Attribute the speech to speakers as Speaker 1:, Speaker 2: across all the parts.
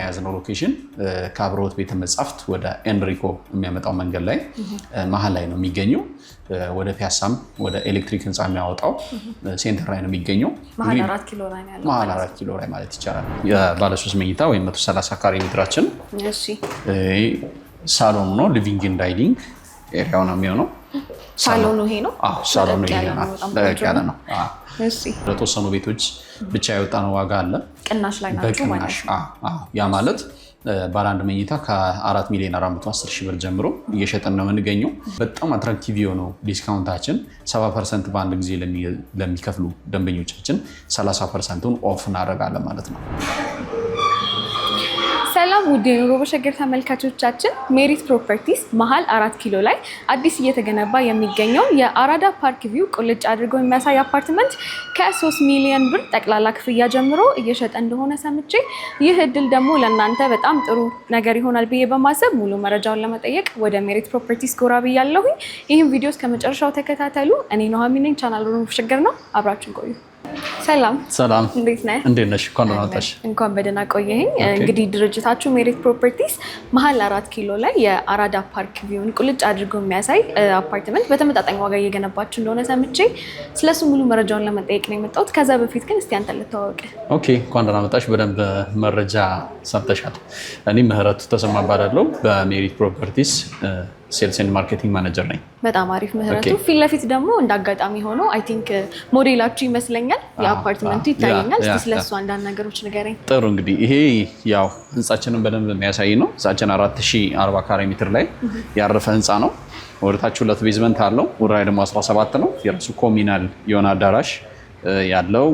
Speaker 1: የያዝነው ሎኬሽን ከአብረወት ቤተ መጻሕፍት ወደ ኤንሪኮ የሚያመጣው መንገድ ላይ መሀል ላይ ነው የሚገኘው። ወደ ፒያሳም ወደ ኤሌክትሪክ ህንፃ የሚያወጣው ሴንተር ላይ ነው የሚገኘው። መሀል አራት ኪሎ ላይ ማለት ይቻላል። ባለሶስት መኝታ ወይም መቶ 130 ካሬ ሜትራችን ሳሎኑ ነው። ሊቪንግ ኤንድ ዳይኒንግ ኤሪያው ነው የሚሆነው።
Speaker 2: ሳሎኑ ይሄ ነው።
Speaker 1: ሳሎኑ ይሄ ነው። ለቅ ያለ ነው። ለተወሰኑ ቤቶች ብቻ የወጣነው ዋጋ አለ። ቅናሽ ላይ ማለት ያ ማለት ባለ መኝታ ከ4 ሚሊዮን 410 ሺህ ብር ጀምሮ እየሸጠን ነው የምንገኘው። በጣም አትራክቲቭ የሆነው ዲስካውንታችን 70 ፐርሰንት በአንድ ጊዜ ለሚከፍሉ ደንበኞቻችን 30 ፐርሰንቱን ኦፍ እናደርጋለን ማለት ነው።
Speaker 2: ሰላም ውድ የኑሮ በሸገር ተመልካቾቻችን፣ ሜሪት ፕሮፐርቲስ መሀል አራት ኪሎ ላይ አዲስ እየተገነባ የሚገኘው የአራዳ ፓርክ ቪው ቁልጭ አድርጎ የሚያሳይ አፓርትመንት ከ3 ሚሊዮን ብር ጠቅላላ ክፍያ ጀምሮ እየሸጠ እንደሆነ ሰምቼ ይህ እድል ደግሞ ለእናንተ በጣም ጥሩ ነገር ይሆናል ብዬ በማሰብ ሙሉ መረጃውን ለመጠየቅ ወደ ሜሪት ፕሮፐርቲስ ጎራ ብያለሁኝ። ይህም ቪዲዮ እስከ መጨረሻው ተከታተሉ። እኔ ነሀሚ ቻናል ኑሮ በሸገር ነው። አብራችን ቆዩ። ሰላም ሰላም፣ እንዴት ነህ?
Speaker 1: እንዴት ነሽ? እንኳን ደህና መጣሽ።
Speaker 2: እንኳን በደህና ቆየኝ። እንግዲህ ድርጅታችሁ ሜሪት ፕሮፐርቲስ መሀል አራት ኪሎ ላይ የአራዳ ፓርክ ቪውን ቁልጭ አድርጎ የሚያሳይ አፓርትመንት በተመጣጣኝ ዋጋ እየገነባችሁ እንደሆነ ሰምቼ ስለሱ ሙሉ መረጃውን ለመጠየቅ ነው የመጣሁት። ከዛ በፊት ግን እስቲ አንተ ልተዋወቅ።
Speaker 1: ኦኬ፣ እንኳን ደህና መጣሽ። በደንብ መረጃ ሰምተሻል። እኔ ምህረቱ ተሰማ እባላለሁ በሜሪት ፕሮፐርቲስ ሴልስ ኤንድ ማርኬቲንግ ማናጀር ነኝ።
Speaker 2: በጣም አሪፍ ምህረቱ። ፊት ለፊት ደግሞ እንደ አጋጣሚ ሆኖ አይ ቲንክ ሞዴላችሁ ይመስለኛል የአፓርትመንቱ ይታየኛል። እስኪ ስለሱ አንዳንድ ነገሮች ንገረኝ።
Speaker 1: ጥሩ እንግዲህ ይሄ ያው ህንፃችንን በደንብ የሚያሳይ ነው። ህንጻችን 4040 ካሬ ሜትር ላይ ያረፈ ህንፃ ነው። ወደታች ሁለት ቤዝመንት አለው። ወደ ላይ ደግሞ 17 ነው። የራሱ ኮሚናል የሆነ አዳራሽ ያለው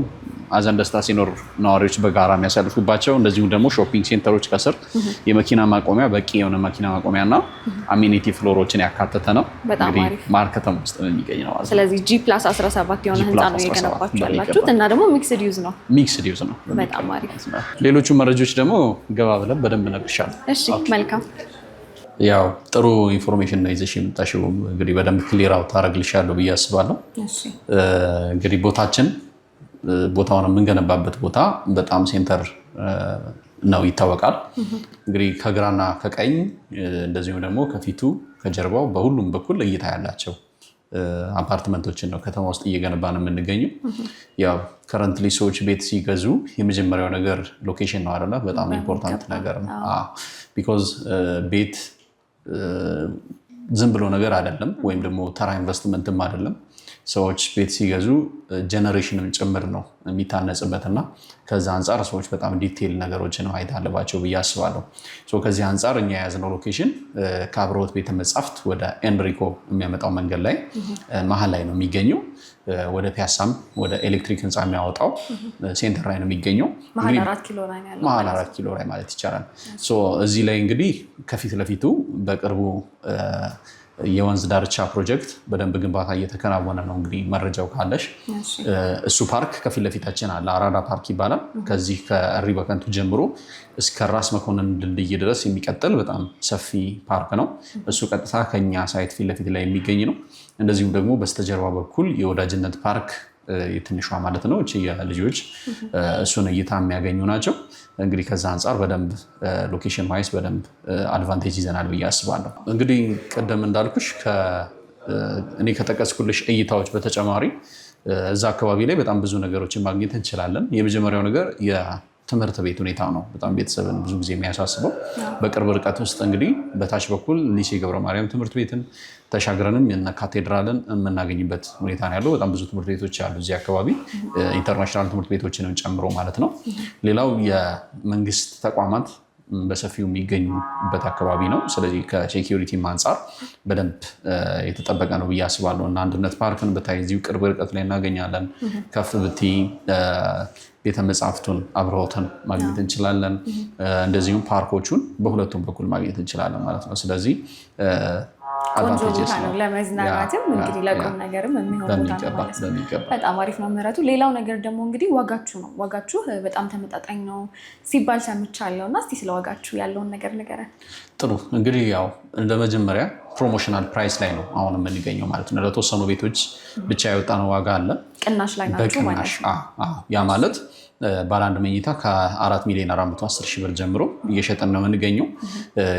Speaker 1: ሀዘን ደስታ ሲኖር ነዋሪዎች በጋራ የሚያሳልፉባቸው እንደዚሁም ደግሞ ሾፒንግ ሴንተሮች ከስር የመኪና ማቆሚያ በቂ የሆነ መኪና ማቆሚያ እና አሚኒቲ ፍሎሮችን ያካተተ ነው። እንግዲህ ማር ከተማ ውስጥ የሚገኝ ነው።
Speaker 2: ስለዚህ ጂ ፕላስ 17 የሆነ ህንፃ ነው የገነባችሁ ያላችሁት እና ደግሞ ሚክስድ ዩዝ ነው። ሚክስድ ዩዝ ነው። በጣም አሪፍ።
Speaker 1: ሌሎቹ መረጃዎች ደግሞ ገባ ብለን በደንብ እነግርሻለሁ።
Speaker 2: እሺ፣ መልካም
Speaker 1: ያው ጥሩ ኢንፎርሜሽን ነው ይዘሽ የመጣሽው። እንግዲህ በደንብ ክሊር አውት አደርግልሻለሁ ብዬ አስባለሁ። እንግዲህ ቦታችን ቦታውን የምንገነባበት ቦታ በጣም ሴንተር ነው ይታወቃል። እንግዲህ ከግራና ከቀኝ እንደዚሁም ደግሞ ከፊቱ ከጀርባው በሁሉም በኩል እይታ ያላቸው አፓርትመንቶችን ነው ከተማ ውስጥ እየገነባን የምንገኘው። ያው ከረንትሊ ሰዎች ቤት ሲገዙ የመጀመሪያው ነገር ሎኬሽን ነው አይደለ? በጣም ኢምፖርታንት ነገር ነው ቢኮዝ ቤት ዝም ብሎ ነገር አይደለም፣ ወይም ደግሞ ተራ ኢንቨስትመንትም አይደለም። ሰዎች ቤት ሲገዙ ጀነሬሽንም ጭምር ነው የሚታነጽበት እና ከዛ አንጻር ሰዎች በጣም ዲቴል ነገሮችን ማየት አለባቸው ብዬ አስባለሁ። ከዚህ አንጻር እኛ የያዝነው ሎኬሽን ከአብረወት ቤተ መጻሕፍት ወደ ኤንሪኮ የሚያመጣው መንገድ ላይ መሀል ላይ ነው የሚገኘው። ወደ ፒያሳም ወደ ኤሌክትሪክ ህንፃ የሚያወጣው ሴንተር ላይ ነው የሚገኘው፣ መሀል አራት ኪሎ ላይ ማለት ይቻላል። እዚህ ላይ እንግዲህ ከፊት ለፊቱ በቅርቡ የወንዝ ዳርቻ ፕሮጀክት በደንብ ግንባታ እየተከናወነ ነው። እንግዲህ መረጃው ካለሽ እሱ ፓርክ ከፊት ለፊታችን አለ። አራዳ ፓርክ ይባላል። ከዚህ ከእሪ በከንቱ ጀምሮ እስከ ራስ መኮንን ድልድይ ድረስ የሚቀጥል በጣም ሰፊ ፓርክ ነው። እሱ ቀጥታ ከኛ ሳይት ፊት ለፊት ላይ የሚገኝ ነው። እንደዚሁም ደግሞ በስተጀርባ በኩል የወዳጅነት ፓርክ የትንሿ ማለት ነው እ የልጆች እሱን እይታ የሚያገኙ ናቸው። እንግዲህ ከዛ አንጻር በደንብ ሎኬሽን ዋይስ በደንብ አድቫንቴጅ ይዘናል ብዬ አስባለሁ። እንግዲህ ቅድም እንዳልኩሽ እኔ ከጠቀስኩልሽ እይታዎች በተጨማሪ እዛ አካባቢ ላይ በጣም ብዙ ነገሮችን ማግኘት እንችላለን። የመጀመሪያው ነገር ትምህርት ቤት ሁኔታ ነው በጣም ቤተሰብን ብዙ ጊዜ የሚያሳስበው። በቅርብ ርቀት ውስጥ እንግዲህ በታች በኩል ሊሴ ገብረ ማርያም ትምህርት ቤትን ተሻግረንም የነ ካቴድራልን የምናገኝበት ሁኔታ ነው ያለው። በጣም ብዙ ትምህርት ቤቶች አሉ እዚህ አካባቢ ኢንተርናሽናል ትምህርት ቤቶችንም ጨምሮ ማለት ነው። ሌላው የመንግስት ተቋማት በሰፊው የሚገኙበት አካባቢ ነው። ስለዚህ ከሴኪሪቲም አንጻር በደንብ የተጠበቀ ነው ብዬ አስባለሁ። እና አንድነት ፓርክን ብታይ እዚሁ ቅርብ ርቀት ላይ እናገኛለን። ከፍ ብቲ ቤተ መጽሐፍቱን አብረውትን ማግኘት እንችላለን። እንደዚሁም ፓርኮቹን በሁለቱም በኩል ማግኘት እንችላለን ማለት ነው። ስለዚህ
Speaker 2: ለመዝናናትም እንግዲህ ለቁም ነገርም የሚሆን በጣም አሪፍ ነው ምህረቱ። ሌላው ነገር ደግሞ እንግዲህ ዋጋችሁ ነው። ዋጋችሁ በጣም ተመጣጣኝ ነው ሲባል ሰምቻለሁ እና እስኪ ስለ ዋጋችሁ ያለውን ነገር ንገረን።
Speaker 1: ጥሩ እንግዲህ ያው እንደ መጀመሪያ ፕሮሞሽናል ፕራይስ ላይ ነው አሁን የምንገኘው ማለት ነው። ለተወሰኑ ቤቶች ብቻ ነው ዋጋ አለ ቅናሽ ላይ በቅናሽ ያ ማለት ባለአንድ መኝታ ከአራት ሚሊዮን አራት መቶ አስር ሺህ ብር ጀምሮ እየሸጠን ነው የምንገኘው።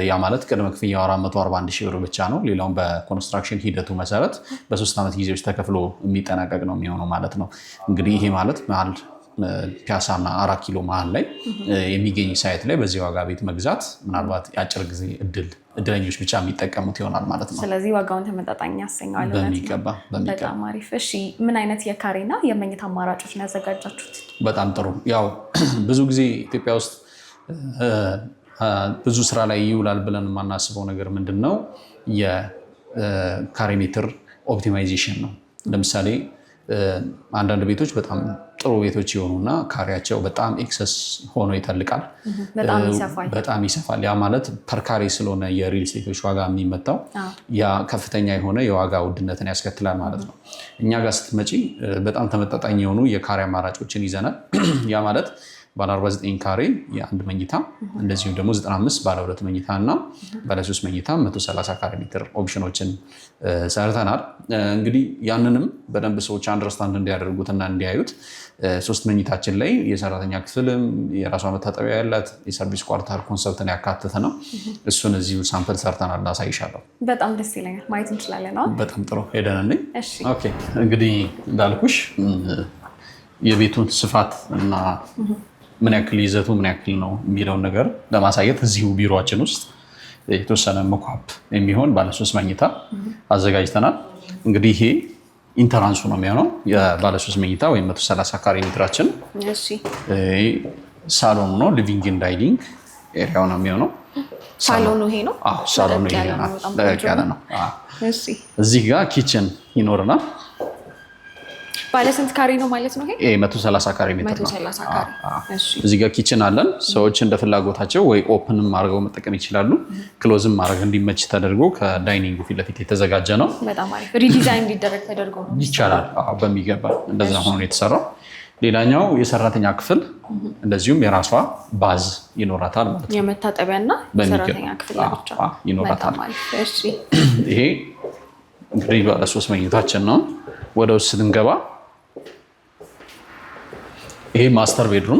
Speaker 1: ያ ማለት ቅድመ ክፍያው አራት መቶ አርባ አንድ ሺህ ብር ብቻ ነው። ሌላውም በኮንስትራክሽን ሂደቱ መሰረት በሶስት ዓመት ጊዜዎች ተከፍሎ የሚጠናቀቅ ነው የሚሆነው ማለት ነው። እንግዲህ ይሄ ማለት ፒያሳና አራት ኪሎ መሀል ላይ የሚገኝ ሳይት ላይ በዚህ ዋጋ ቤት መግዛት ምናልባት የአጭር ጊዜ እድል እድለኞች ብቻ የሚጠቀሙት ይሆናል ማለት ነው።
Speaker 2: ስለዚህ ዋጋውን ተመጣጣኝ ያሰኘዋል። በሚገባ በጣም አሪፍ። እሺ ምን አይነት የካሬና የመኝታ አማራጮች ነው ያዘጋጃችሁት?
Speaker 1: በጣም ጥሩ። ያው ብዙ ጊዜ ኢትዮጵያ ውስጥ ብዙ ስራ ላይ ይውላል ብለን የማናስበው ነገር ምንድን ነው? የካሬ ሜትር ኦፕቲማይዜሽን ነው። ለምሳሌ አንዳንድ ቤቶች በጣም ጥሩ ቤቶች የሆኑና ካሬያቸው በጣም ኤክሰስ ሆኖ ይተልቃል፣ በጣም ይሰፋል። ያ ማለት ፐርካሬ ስለሆነ የሪል ሴቶች ዋጋ የሚመታው ያ ከፍተኛ የሆነ የዋጋ ውድነትን ያስከትላል ማለት ነው። እኛ ጋር ስትመጪ በጣም ተመጣጣኝ የሆኑ የካሬ አማራጮችን ይዘናል። ያ ማለት ባለ 49 ካሬ የአንድ መኝታ እንደዚሁም ደግሞ 95 ባለ ሁለት መኝታ እና ባለ ሶስት መኝታ 130 ካሬ ሜትር ኦፕሽኖችን ሰርተናል። እንግዲህ ያንንም በደንብ ሰዎች አንደርስታንድ እንዲያደርጉትና እንዲያዩት ሶስት መኝታችን ላይ የሰራተኛ ክፍልም የራሷ መታጠቢያ ያላት የሰርቪስ ኳርታር ኮንሰፕትን ያካተተ ነው። እሱን እዚሁ ሳምፕል ሰርተናል፣ እናሳይሻለሁ።
Speaker 2: በጣም ደስ ይለኛል። ማየት እንችላለን።
Speaker 1: በጣም ጥሩ ሄደንልኝ። እንግዲህ እንዳልኩሽ የቤቱን ስፋት እና ምን ያክል ይዘቱ ምን ያክል ነው የሚለውን ነገር ለማሳየት እዚሁ ቢሮችን ውስጥ የተወሰነ መኳብ የሚሆን ባለሶስት መኝታ አዘጋጅተናል። እንግዲህ ይሄ ኢንተራንሱ ነው የሚሆነው የባለሶስት መኝታ ወይም መቶ 130 ካሬ ሜትራችን ሳሎኑ ነው። ሊቪንግ ኢን ዳይኒንግ ኤሪያው ነው የሚሆነው።
Speaker 2: ሳሎኑ ይሄ ነው።
Speaker 1: ሳሎኑ ይሄ ነው። ነው። እዚህ ጋር ኪችን ይኖርናል።
Speaker 2: ባለ ስንት ካሬ ነው ማለት ነው?
Speaker 1: ይሄ ሰላሳ ካሬ ሜትር ነው። እዚህ ጋር ኪችን አለን። ሰዎች እንደ ፍላጎታቸው ወይ ኦፕንም አድርገው መጠቀም ይችላሉ። ክሎዝም ማድረግ እንዲመች ተደርጎ ከዳይኒንጉ ፊት ለፊት የተዘጋጀ ነው።
Speaker 2: ሪዲዛይን እንዲደረግ ተደርጎ
Speaker 1: ይቻላል። በሚገባ እንደዛ ሆኖ የተሰራው። ሌላኛው የሰራተኛ ክፍል እንደዚሁም የራሷ ባዝ ይኖራታል ማለት
Speaker 2: ነው። የመታጠቢያና የሰራተኛ ክፍል
Speaker 1: ይኖራታል። ይሄ እንግዲህ ባለ ሶስት መኝታችን ነው። ወደ ውስጥ ስንገባ ይሄ ማስተር ቤድሩም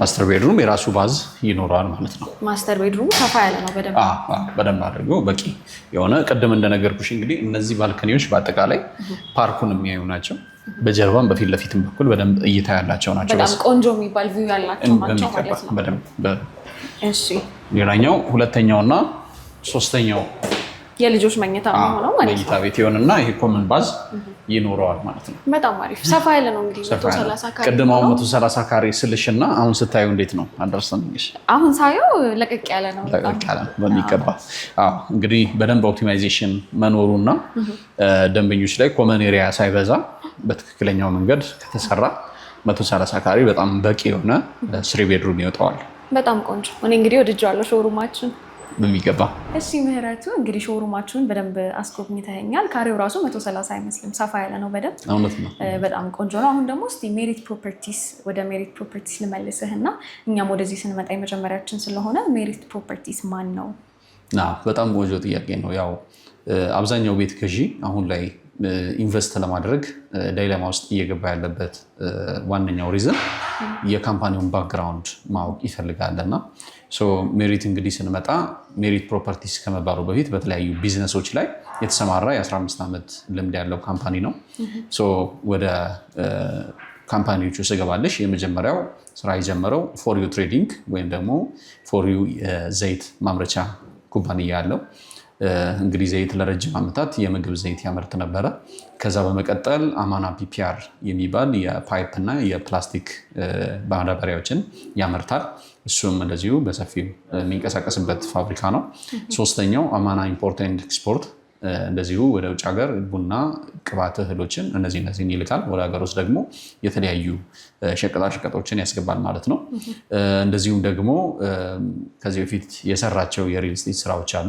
Speaker 1: ማስተር ቤድሩም የራሱ ባዝ ይኖረዋል ማለት ነው።
Speaker 2: ማስተር ቤድሩም ሰፋ ያለ ነው
Speaker 1: በደንብ አድርገው በቂ የሆነ ቅድም እንደነገርኩሽ እንግዲህ እነዚህ ባልከኒዎች በአጠቃላይ ፓርኩን የሚያዩ ናቸው። በጀርባም በፊት ለፊትም በኩል በደንብ እይታ ያላቸው ናቸው።
Speaker 2: በጣም ቆንጆ የሚባል ቪው ያላቸው ናቸው
Speaker 1: ማለት ነው። ሌላኛው ሁለተኛውና ሶስተኛው
Speaker 2: የልጆች መኝታ ነው ማለት ነው።
Speaker 1: መኝታ ቤት ይሆንና ይሄ ኮመን ባዝ ይኖረዋል ማለት ነው።
Speaker 2: በጣም አሪፍ ሰፋ ያለ ነው እንግዲህ
Speaker 1: ቅድም አሁን መቶ ሰላሳ ካሬ ስልሽ እና አሁን ስታዩ እንዴት ነው አንደርስታንዲንግሽ?
Speaker 2: አሁን ሳየው ለቀቅ ያለ ነው።
Speaker 1: ለቀቅ ያለ በሚገባ እንግዲህ በደንብ ኦፕቲማይዜሽን መኖሩ እና ደንበኞች ላይ ኮመን ኤሪያ ሳይበዛ በትክክለኛው መንገድ ከተሰራ መቶ ሰላሳ ካሬ በጣም በቂ የሆነ ስሪ ቤድሩም ይወጣዋል።
Speaker 2: በጣም ቆንጆ። እኔ እንግዲህ ወድጄዋለሁ ሾሩማችን በሚገባ እሺ፣ ምህረቱ እንግዲህ ሾሩማችሁን በደንብ አስጎብኝተኸኛል። ካሬው ራሱ መቶ ሰላሳ አይመስልም ሰፋ ያለ ነው በደንብ እውነት ነው። በጣም ቆንጆ ነው። አሁን ደግሞ እስኪ ሜሪት ፕሮፐርቲስ ወደ ሜሪት ፕሮፐርቲስ ልመልስህ እና እኛም ወደዚህ ስንመጣ የመጀመሪያችን ስለሆነ ሜሪት ፕሮፐርቲስ ማን ነው?
Speaker 1: በጣም ቆንጆ ጥያቄ ነው። ያው አብዛኛው ቤት ገዢ አሁን ላይ ኢንቨስት ለማድረግ ዳይለማ ውስጥ እየገባ ያለበት ዋነኛው ሪዝን የካምፓኒውን ባክግራውንድ ማወቅ ይፈልጋል ሜሪት እንግዲህ ስንመጣ ሜሪት ፕሮፐርቲስ ከመባሉ በፊት በተለያዩ ቢዝነሶች ላይ የተሰማራ የ15 ዓመት ልምድ ያለው ካምፓኒ ነው። ወደ ካምፓኒዎቹ ስገባለሽ የመጀመሪያው ስራ የጀመረው ዩ ትሬዲንግ ወይም ደግሞ ዩ ዘይት ማምረቻ ኩባንያ አለው። እንግዲህ ዘይት ለረጅም ዓመታት የምግብ ዘይት ያመርት ነበረ። ከዛ በመቀጠል አማና ፒፒአር የሚባል የፓይፕ እና የፕላስቲክ ማዳበሪያዎችን ያመርታል። እሱም እንደዚሁ በሰፊው የሚንቀሳቀስበት ፋብሪካ ነው። ሶስተኛው አማና ኢምፖርት ኤንድ ኤክስፖርት እንደዚሁ ወደ ውጭ ሀገር ቡና፣ ቅባት እህሎችን እነዚህ እነዚህን ይልካል። ወደ ሀገር ውስጥ ደግሞ የተለያዩ ሸቀጣሸቀጦችን ያስገባል ማለት ነው። እንደዚሁም ደግሞ ከዚህ በፊት የሰራቸው የሪል ስራዎች አሉ።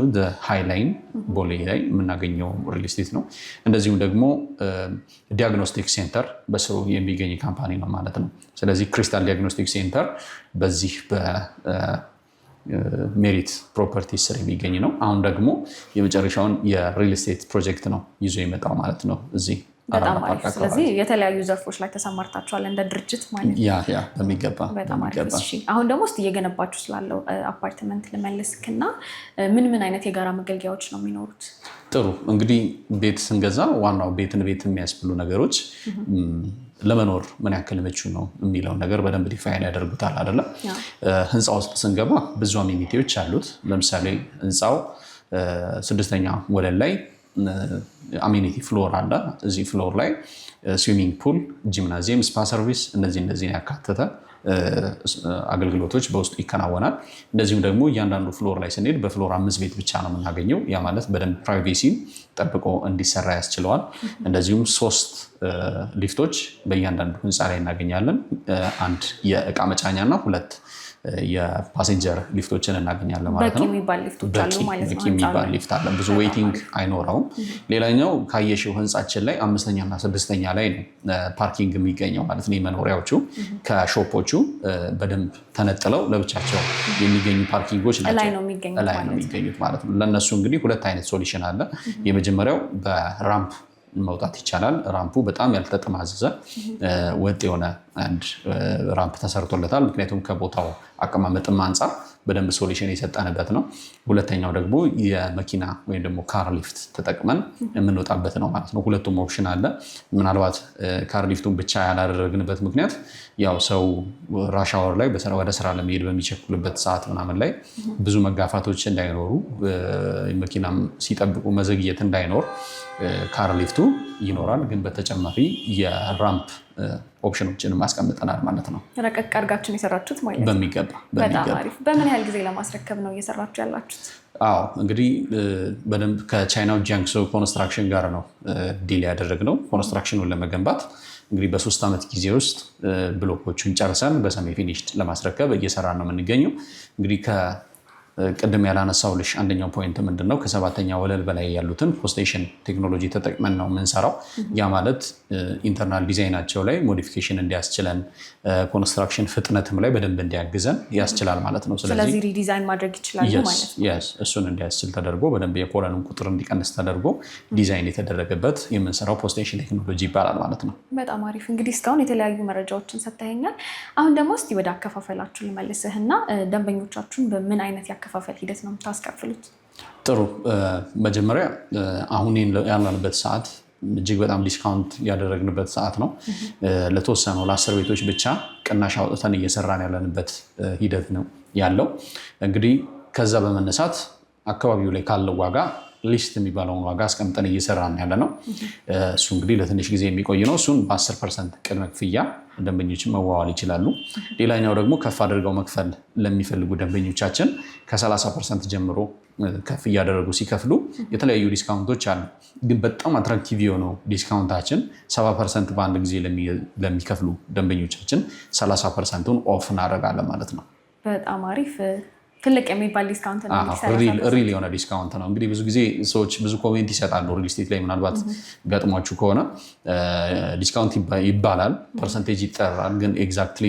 Speaker 1: ሃይላይን ቦሌ ላይ የምናገኘው ሪልስቴት ነው። እንደዚሁም ደግሞ ዲያግኖስቲክ ሴንተር በስሩ የሚገኝ ካምፓኒ ነው ማለት ነው። ስለዚህ ክሪስታል ዲያግኖስቲክ ሴንተር በዚህ ሜሪት ፕሮፐርቲ ስር የሚገኝ ነው። አሁን ደግሞ የመጨረሻውን የሪል ስቴት ፕሮጀክት ነው ይዞ የመጣው ማለት ነው እዚህ
Speaker 2: በጣም አሪፍ። ስለዚህ የተለያዩ ዘርፎች ላይ ተሰማርታችኋል እንደ ድርጅት ማለት
Speaker 1: ነው። በሚገባ
Speaker 2: አሁን ደግሞ ስ እየገነባችሁ ስላለው አፓርትመንት ልመልስክና ምን ምን አይነት የጋራ መገልገያዎች ነው የሚኖሩት?
Speaker 1: ጥሩ እንግዲህ ቤት ስንገዛ ዋናው ቤትን ቤት የሚያስብሉ ነገሮች ለመኖር ምን ያክል ምቹ ነው የሚለው ነገር በደንብ ዲፋይን ያደርጉታል አይደለም። ህንፃ ውስጥ ስንገባ ብዙ አሜኒቲዎች አሉት። ለምሳሌ ህንፃው ስድስተኛ ወለል ላይ አሜኒቲ ፍሎር አለ። እዚህ ፍሎር ላይ ስዊሚንግ ፑል፣ ጂምናዚየም፣ ስፓ ሰርቪስ እነዚህ እነዚህን ያካተተ አገልግሎቶች በውስጡ ይከናወናል። እንደዚሁም ደግሞ እያንዳንዱ ፍሎር ላይ ስንሄድ በፍሎር አምስት ቤት ብቻ ነው የምናገኘው። ያ ማለት በደንብ ፕራይቬሲ ጠብቆ እንዲሰራ ያስችለዋል። እንደዚሁም ሶስት ሊፍቶች በእያንዳንዱ ህንፃ ላይ እናገኛለን። አንድ የእቃ መጫኛ እና ሁለት የፓሴንጀር ሊፍቶችን እናገኛለን
Speaker 2: ማለት ነው። በቂ
Speaker 1: የሚባል ሊፍት አለ፣ ብዙ ዌይቲንግ አይኖረውም። ሌላኛው ካየሽው ህንፃችን ላይ አምስተኛ እና ስድስተኛ ላይ ነው ፓርኪንግ የሚገኘው ማለት ነው። የመኖሪያዎቹ ከሾፖቹ በደንብ ተነጥለው ለብቻቸው የሚገኙ ፓርኪንጎች ናቸው፣ ላይ ነው የሚገኙት ማለት ነው። ለእነሱ እንግዲህ ሁለት አይነት ሶሉሽን አለ። የመጀመሪያው በራምፕ መውጣት ይቻላል። ራምፑ በጣም ያልተጠማዘዘ ወጥ የሆነ አንድ ራምፕ ተሰርቶለታል። ምክንያቱም ከቦታው አቀማመጥም አንጻር በደንብ ሶሉሽን የሰጠንበት ነው። ሁለተኛው ደግሞ የመኪና ወይም ደግሞ ካር ሊፍት ተጠቅመን የምንወጣበት ነው ማለት ነው። ሁለቱም ኦፕሽን አለ። ምናልባት ካር ሊፍቱን ብቻ ያላደረግንበት ምክንያት ያው ሰው ራሻወር ላይ ወደ ስራ ለመሄድ በሚቸኩልበት ሰዓት ምናምን ላይ ብዙ መጋፋቶች እንዳይኖሩ መኪናም ሲጠብቁ መዘግየት እንዳይኖር ካር ሊፍቱ ይኖራል። ግን በተጨማሪ የራምፕ ኦፕሽኖችን ማስቀምጠናል ማለት ነው።
Speaker 2: ረቀቅ አድርጋችን የሰራችሁት
Speaker 1: ማለት በሚገባ
Speaker 2: በምን ያህል ጊዜ ለማስረከብ ነው እየሰራችሁ ያላችሁት?
Speaker 1: አዎ እንግዲህ በደንብ ከቻይናው ጃንግሶ ኮንስትራክሽን ጋር ነው ዲል ያደረግነው ኮንስትራክሽኑን ለመገንባት እንግዲህ በሶስት ዓመት ጊዜ ውስጥ ብሎኮቹን ጨርሰን በሰሜ ፊኒሽድ ለማስረከብ እየሰራ ነው የምንገኘው እንግዲህ ቅድም ያላነሳው ልሽ አንደኛው ፖይንት ምንድን ነው? ከሰባተኛ ወለል በላይ ያሉትን ፖስቴሽን ቴክኖሎጂ ተጠቅመን ነው የምንሰራው። ያ ማለት ኢንተርናል ዲዛይናቸው ላይ ሞዲፊኬሽን እንዲያስችለን፣ ኮንስትራክሽን ፍጥነትም ላይ በደንብ እንዲያግዘን ያስችላል ማለት ነው።
Speaker 2: ስለዚህ ሪዲዛይን ማድረግ ይችላል።
Speaker 1: እሱን እንዲያስችል ተደርጎ በደንብ የኮለኑን ቁጥር እንዲቀንስ ተደርጎ ዲዛይን የተደረገበት የምንሰራው ፖስቴሽን ቴክኖሎጂ ይባላል ማለት ነው።
Speaker 2: በጣም አሪፍ። እንግዲህ እስካሁን የተለያዩ መረጃዎችን ሰጥተኸኛል። አሁን ደግሞ እስኪ ወደ አከፋፈላችሁ ልመልስህና ደንበኞቻችሁን በምን አይነት ያከፋ የማከፋፈል ሂደት ነው የምታስከፍሉት?
Speaker 1: ጥሩ። መጀመሪያ አሁን ያለንበት ሰዓት እጅግ በጣም ዲስካውንት ያደረግንበት ሰዓት ነው። ለተወሰነው ለአስር ቤቶች ብቻ ቅናሽ አውጥተን እየሰራን ያለንበት ሂደት ነው ያለው። እንግዲህ ከዛ በመነሳት አካባቢው ላይ ካለው ዋጋ ሊስት የሚባለውን ዋጋ አስቀምጠን እየሰራን ያለ ነው። እሱ እንግዲህ ለትንሽ ጊዜ የሚቆይ ነው። እሱን በ10 ፐርሰንት ቅድመ ክፍያ ደንበኞችን መዋዋል ይችላሉ። ሌላኛው ደግሞ ከፍ አድርገው መክፈል ለሚፈልጉ ደንበኞቻችን ከ30 ፐርሰንት ጀምሮ ከፍ እያደረጉ ሲከፍሉ የተለያዩ ዲስካውንቶች አሉ። ግን በጣም አትራክቲቭ የሆነው ዲስካውንታችን 70 ፐርሰንት በአንድ ጊዜ ለሚከፍሉ ደንበኞቻችን 30 ፐርሰንቱን ኦፍ እናደርጋለን ማለት ነው።
Speaker 2: በጣም አሪፍ ትልቅ የሚባል ዲስካውንት
Speaker 1: ነው። ሪል የሆነ ዲስካውንት ነው። እንግዲህ ብዙ ጊዜ ሰዎች ብዙ ኮሜንት ይሰጣሉ። ሪል ስቴት ላይ ምናልባት ገጥሟችሁ ከሆነ ዲስካውንት ይባላል፣ ፐርሰንቴጅ ይጠራል። ግን ኤግዛክትሊ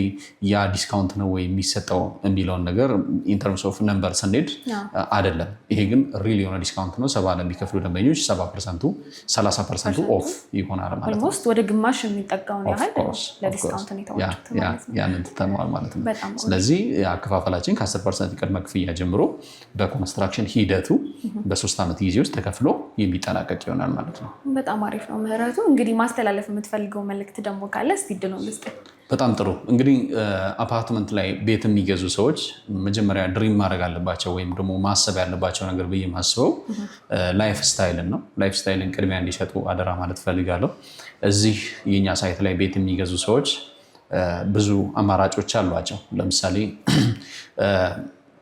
Speaker 1: ያ ዲስካውንት ነው ወይ የሚሰጠው የሚለውን ነገር ኢንተርምስ ኦፍ ነምበር ስንሄድ አይደለም። ይሄ ግን ሪል የሆነ ዲስካውንት ነው። ሰባ ለሚከፍሉ ደንበኞች ሰባ ፐርሰንቱ፣ ሰላሳ ፐርሰንቱ ኦፍ ይሆናል
Speaker 2: ማለት ነው። ወደ ግማሽ የሚጠቀውን ያህል ለዲስካውንት
Speaker 1: ያንን ትተነዋል ማለት ነው።
Speaker 2: ስለዚህ አከፋፈላችን ከአስር ፐርሰንት ቅድመ ክፍያ ጀምሮ በኮንስትራክሽን ሂደቱ በሶስት ዓመት ጊዜ ውስጥ ተከፍሎ የሚጠናቀቅ ይሆናል ማለት ነው። በጣም አሪፍ ነው። ምህረቱ እንግዲህ ማስተላለፍ የምትፈልገው መልእክት ደግሞ ካለ እስቲ ድሉን ልስጥ።
Speaker 1: በጣም ጥሩ እንግዲህ አፓርትመንት ላይ ቤት የሚገዙ ሰዎች መጀመሪያ ድሪም ማድረግ አለባቸው ወይም ደግሞ ማሰብ ያለባቸው ነገር ብዬ ማስበው ላይፍ ስታይልን ነው። ላይፍ ስታይልን ቅድሚያ እንዲሰጡ አደራ ማለት ፈልጋለሁ። እዚህ የኛ ሳይት ላይ ቤት የሚገዙ ሰዎች ብዙ አማራጮች አሏቸው። ለምሳሌ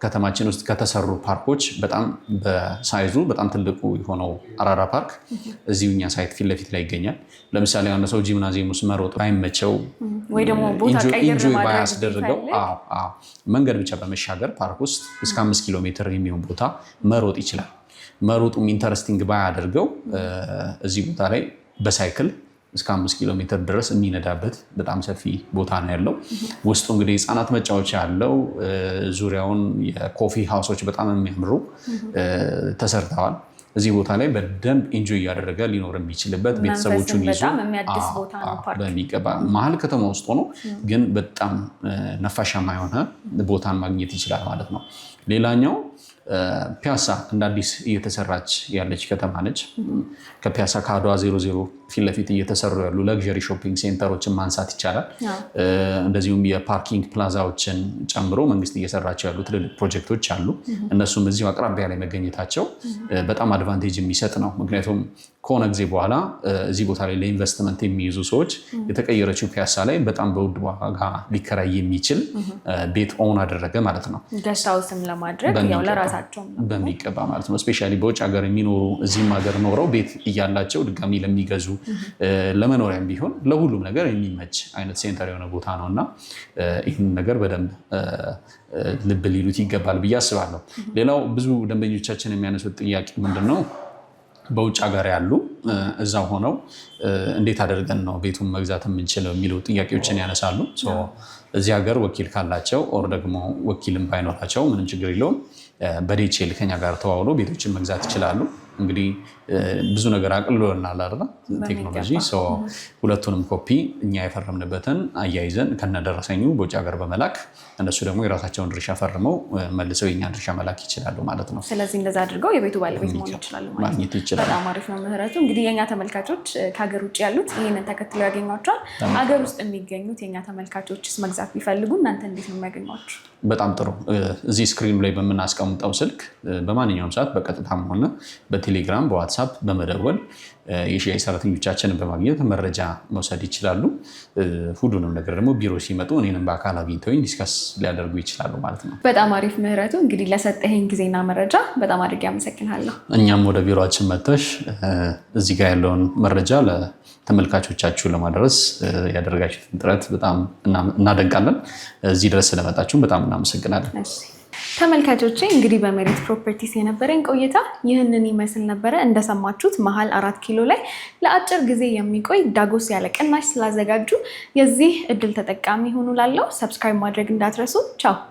Speaker 1: ከተማችን ውስጥ ከተሰሩ ፓርኮች በጣም በሳይዙ በጣም ትልቁ የሆነው አራራ ፓርክ እዚሁ እኛ ሳይት ፊት ለፊት ላይ ይገኛል። ለምሳሌ አንድ ሰው ጂምናዚየም ውስጥ መሮጥ ባይመቸው ኢንጆይ ባያስደርገው መንገድ ብቻ በመሻገር ፓርክ ውስጥ እስከ አምስት ኪሎ ሜትር የሚሆን ቦታ መሮጥ ይችላል። መሮጡም ኢንተረስቲንግ ባያደርገው እዚህ ቦታ ላይ በሳይክል እስከ አምስት ኪሎ ሜትር ድረስ የሚነዳበት በጣም ሰፊ ቦታ ነው ያለው። ውስጡ እንግዲህ ህፃናት መጫወቻ ያለው ዙሪያውን የኮፊ ሃውሶች በጣም የሚያምሩ ተሰርተዋል። እዚህ ቦታ ላይ በደንብ ኢንጆይ እያደረገ ሊኖር የሚችልበት ቤተሰቦቹን ይዞ በሚገባ መሀል ከተማ ውስጥ ሆኖ ግን በጣም ነፋሻማ የሆነ ቦታን ማግኘት ይችላል ማለት ነው። ሌላኛው ፒያሳ እንደ አዲስ እየተሰራች ያለች ከተማ ነች። ከፒያሳ ከአድዋ ዜሮ ዜሮ ፊት ለፊት እየተሰሩ ያሉ ለግዠሪ ሾፒንግ ሴንተሮችን ማንሳት ይቻላል። እንደዚሁም የፓርኪንግ ፕላዛዎችን ጨምሮ መንግስት እየሰራቸው ያሉ ትልልቅ ፕሮጀክቶች አሉ። እነሱም እዚሁ አቅራቢያ ላይ መገኘታቸው በጣም አድቫንቴጅ የሚሰጥ ነው። ምክንያቱም ከሆነ ጊዜ በኋላ እዚህ ቦታ ላይ ለኢንቨስትመንት የሚይዙ ሰዎች የተቀየረችው ፒያሳ ላይ በጣም በውድ ዋጋ ሊከራይ የሚችል ቤት ኦን አደረገ ማለት ነው።
Speaker 2: ገስታውስም ለማድረግ ለራሳቸው
Speaker 1: በሚገባ ማለት ነው። እስፔሻሊ በውጭ ሀገር የሚኖሩ እዚህም ሀገር ኖረው ቤት እያላቸው ድጋሚ ለሚገዙ ለመኖሪያም ቢሆን ለሁሉም ነገር የሚመች አይነት ሴንተር የሆነ ቦታ ነው እና ይህን ነገር በደንብ ልብ ሊሉት ይገባል ብዬ አስባለሁ። ሌላው ብዙ ደንበኞቻችን የሚያነሱት ጥያቄ ምንድን ነው? በውጭ ሀገር ያሉ እዛው ሆነው እንዴት አደርገን ነው ቤቱን መግዛት የምንችለው የሚሉ ጥያቄዎችን ያነሳሉ። እዚህ ሀገር ወኪል ካላቸው ኦር ደግሞ ወኪልም ባይኖራቸው ምንም ችግር የለውም። በዴቼል ከኛ ጋር ተዋውሎ ቤቶችን መግዛት ይችላሉ። እንግዲህ ብዙ ነገር አቅልሎልናል አይደል ቴክኖሎጂ። ሁለቱንም ኮፒ እኛ የፈረምንበትን አያይዘን ከነደረሰኙ በውጭ ሀገር በመላክ እነሱ ደግሞ የራሳቸውን ድርሻ ፈርመው መልሰው የኛ ድርሻ መላክ ይችላሉ ማለት ነው።
Speaker 2: ስለዚህ እንደዛ አድርገው የቤቱ ባለቤት መሆን ይችላሉ
Speaker 1: ማግኘት ይችላል።
Speaker 2: በጣም አሪፍ ነው ምህረቱ። እንግዲህ የእኛ ተመልካቾች ከሀገር ውጭ ያሉት ይህንን ተከትለው ያገኟቸዋል። ሀገር ውስጥ የሚገኙት የእኛ ተመልካቾችስ መግዛት ቢፈልጉ እናንተ እንዴት ነው የሚያገኟቸው?
Speaker 1: በጣም ጥሩ። እዚህ ስክሪኑ ላይ በምናስቀምጠው ስልክ በማንኛውም ሰዓት በቀጥታም ሆነ በቴሌግራም በዋትሳፕ በመደወል የሻይ ሰራተኞቻችንን በማግኘት መረጃ መውሰድ ይችላሉ። ሁሉንም ነገር ደግሞ ቢሮ ሲመጡ እኔንም በአካል አግኝተውኝ ዲስከስ ሊያደርጉ ይችላሉ ማለት ነው።
Speaker 2: በጣም አሪፍ ምህረቱ፣ እንግዲህ ለሰጠህን ጊዜና መረጃ በጣም አድርጌ አመሰግናለሁ።
Speaker 1: እኛም ወደ ቢሮችን መጥተሽ እዚህ ጋር ያለውን መረጃ ለተመልካቾቻችሁ ለማድረስ ያደረጋችሁትን ጥረት በጣም እናደንቃለን። እዚህ ድረስ ስለመጣችሁም በጣም እናመሰግናለን።
Speaker 2: ተመልካቾቼ እንግዲህ በመሬት ፕሮፐርቲስ የነበረኝ ቆይታ ይህንን ይመስል ነበረ። እንደሰማችሁት መሀል አራት ኪሎ ላይ ለአጭር ጊዜ የሚቆይ ዳጎስ ያለ ቅናሽ ስላዘጋጁ የዚህ እድል ተጠቃሚ ሆኑ። ላለው ሰብስክራይብ ማድረግ እንዳትረሱ። ቻው